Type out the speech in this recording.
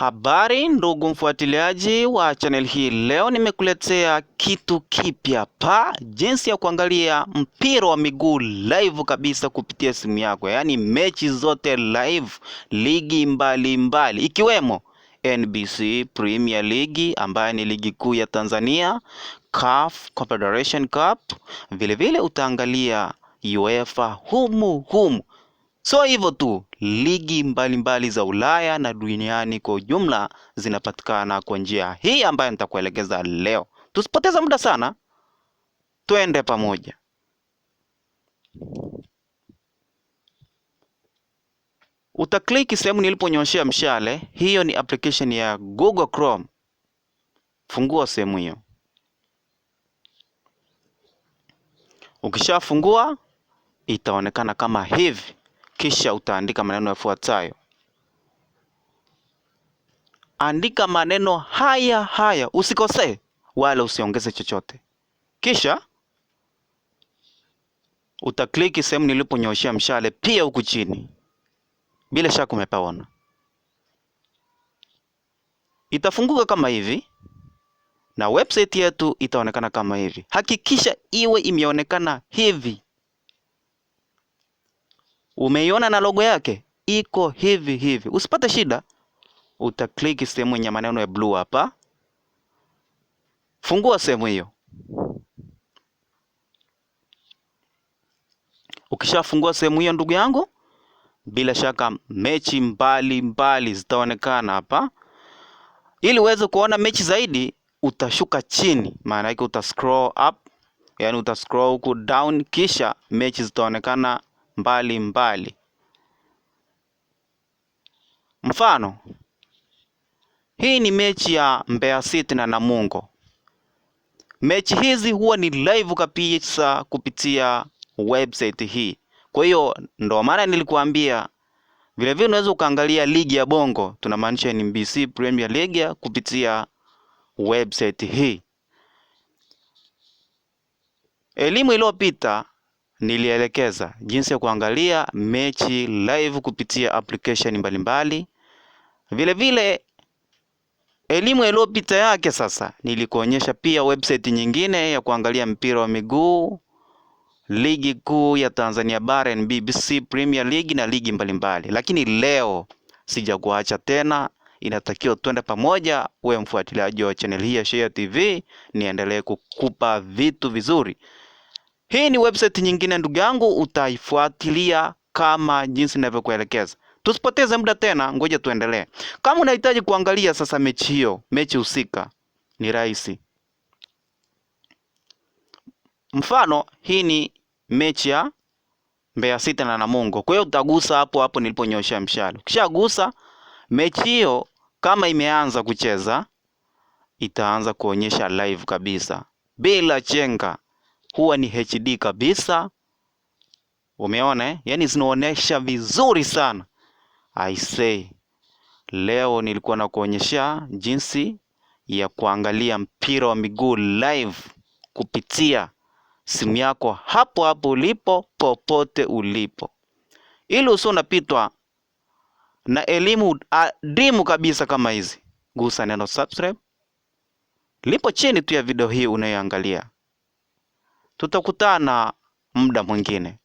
Habari ndugu mfuatiliaji wa channel hii, leo nimekuletea kitu kipya pa jinsi ya kuangalia mpira wa miguu live kabisa kupitia simu yako, yaani mechi zote live, ligi mbalimbali mbali, ikiwemo NBC Premier League ambayo ni ligi kuu ya Tanzania, CAF Confederation Cup, vilevile utaangalia UEFA humu humu Sio hivyo tu, ligi mbalimbali mbali za Ulaya na duniani kwa ujumla zinapatikana kwa njia hii ambayo nitakuelekeza leo. Tusipoteze muda sana, twende pamoja. Utakliki sehemu niliponyoshea mshale, hiyo ni application ya Google Chrome. Fungua sehemu hiyo. Ukishafungua itaonekana kama hivi kisha utaandika maneno yafuatayo. Andika maneno haya haya, usikosee wala usiongeze chochote, kisha utakliki sehemu niliponyoshia mshale pia huku chini. Bila shaka umepaona, itafunguka kama hivi na website yetu itaonekana kama hivi. Hakikisha iwe imeonekana hivi. Umeiona na logo yake iko hivi hivi, usipate shida. Utakliki sehemu yenye maneno ya blue hapa, fungua sehemu hiyo. Ukishafungua sehemu hiyo, ndugu yangu, bila shaka mechi mbali mbali zitaonekana hapa. Ili uweze kuona mechi zaidi, utashuka chini, maana yake uta scroll up, yani uta scroll huku down, kisha mechi zitaonekana mbalimbali. Mfano, hii ni mechi ya Mbeya City na Namungo. Mechi hizi huwa ni live kabisa kupitia website hii. Kwa hiyo ndo maana nilikuambia vile unaweza ukaangalia ligi ya Bongo, tunamaanisha NBC Premier League kupitia website hii. Elimu iliyopita nilielekeza jinsi ya kuangalia mechi live kupitia application mbalimbali. Vilevile elimu iliyopita yake sasa nilikuonyesha pia website nyingine ya kuangalia mpira wa miguu, ligi kuu ya Tanzania bara NBC Premier League na ligi mbalimbali Lakini leo sijakuacha tena, inatakiwa twende pamoja. We mfuatiliaji wa channel hii ya Shayia TV, niendelee kukupa vitu vizuri. Hii ni website nyingine ndugu yangu, utaifuatilia kama jinsi ninavyokuelekeza. Tusipoteze muda tena, ngoja tuendelee. Kama unahitaji kuangalia sasa mechi hiyo, mechi husika, ni rahisi. Mfano, hii ni mechi ya Mbeya City na Namungo. Kwa hiyo utagusa hapo hapo niliponyosha mshale. Ukishagusa mechi hiyo, kama imeanza kucheza, itaanza kuonyesha live kabisa bila chenga huwa ni HD kabisa. Umeona eh? Yaani zinaonesha vizuri sana. I say leo nilikuwa nakuonyesha jinsi ya kuangalia mpira wa miguu live kupitia simu yako hapo hapo ulipo, popote ulipo, ili usio unapitwa na elimu adimu kabisa kama hizi. Gusa neno subscribe lipo chini tu ya video hii unayoangalia. Tutakutana muda mwingine.